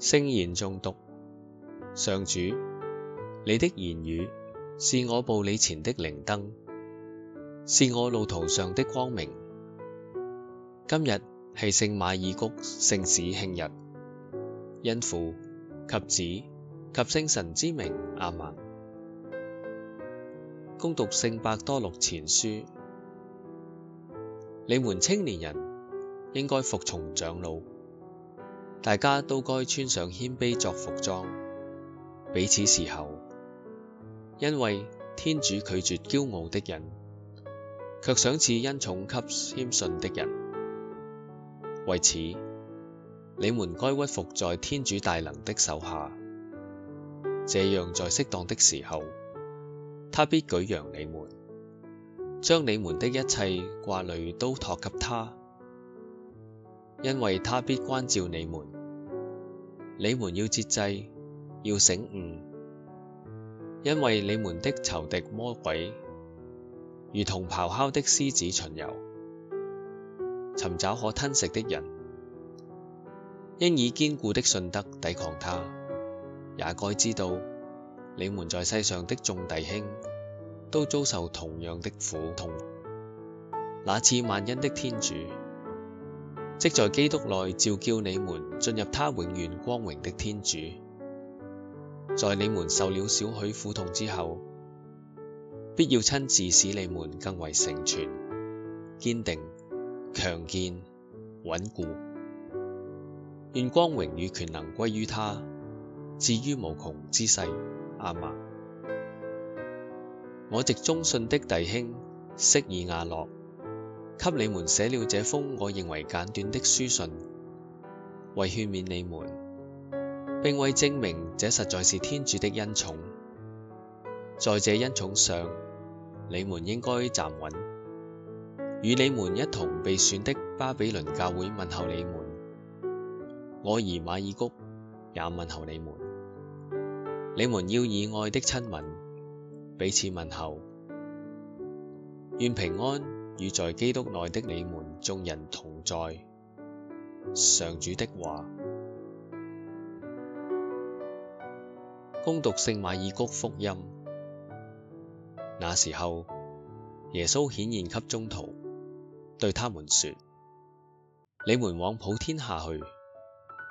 聖言誦讀，上主，你的言語是我步你前的靈燈，是我路途上的光明。今日係聖馬爾谷聖史慶日，因父及子及聖神之名亞孟，恭讀聖伯多祿前書：你們青年人應該服從長老。大家都該穿上謙卑作服裝，彼此侍候，因為天主拒絕驕傲的人，卻賞賜恩寵給謙遜的人。為此，你們該屈服在天主大能的手下，這樣在適當的時候，他必舉揚你們，將你們的一切掛慮都託給他。因為他必關照你們，你們要節制，要醒寤，因為你們的仇敵魔鬼，如同咆哮的獅子巡遊，尋找可吞食的人，應以堅固的信德抵抗他。也該知道你們在世上的眾弟兄，都遭受同樣的苦痛。那賜萬恩的天主。即在基督內召叫你們進入他永遠光榮的天主，在你們受了少許苦痛之後，必要親自使你們更為成全、堅定、強健、穩固。願光榮與權能歸於他，至於無窮之世。亞孟。我藉忠信的弟兄息耳瓦諾。給你們寫了這封我認為簡短的書信，為勸勉你們，並為證明這實在是天主的恩寵，在這恩寵上你們應該站穩。與你們一同被選的巴比倫教會問候你們，我兒馬爾谷也問候你們。你們要以愛的親吻，彼此問候，願平安與在基督內的你們眾人同在。上主的話。恭讀聖馬爾谷福音。那時候，耶穌顯現給宗徒，對他們説，你們往普天下去，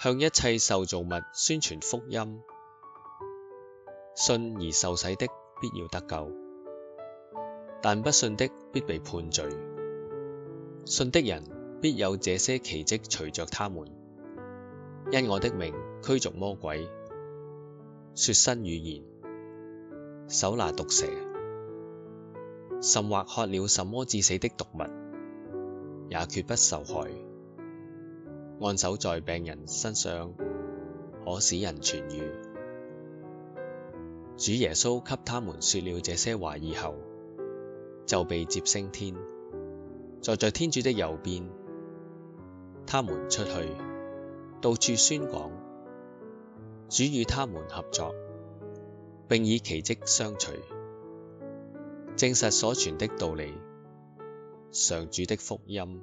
向一切受造物宣傳福音，信而受洗的必要得救。但不信的必被判罪，信的人必有這些奇蹟隨着他們。因我的名驅逐魔鬼，說新語言，手拿毒蛇，甚或喝了什麼致死的毒物，也絕不受害。按手在病人身上，可使人痊愈。主耶穌給他們說了這些話以後。就被接升天，坐在天主的右邊。他們出去，到處宣講，主與他們合作，並以奇蹟相隨，證實所傳的道理，上主的福音。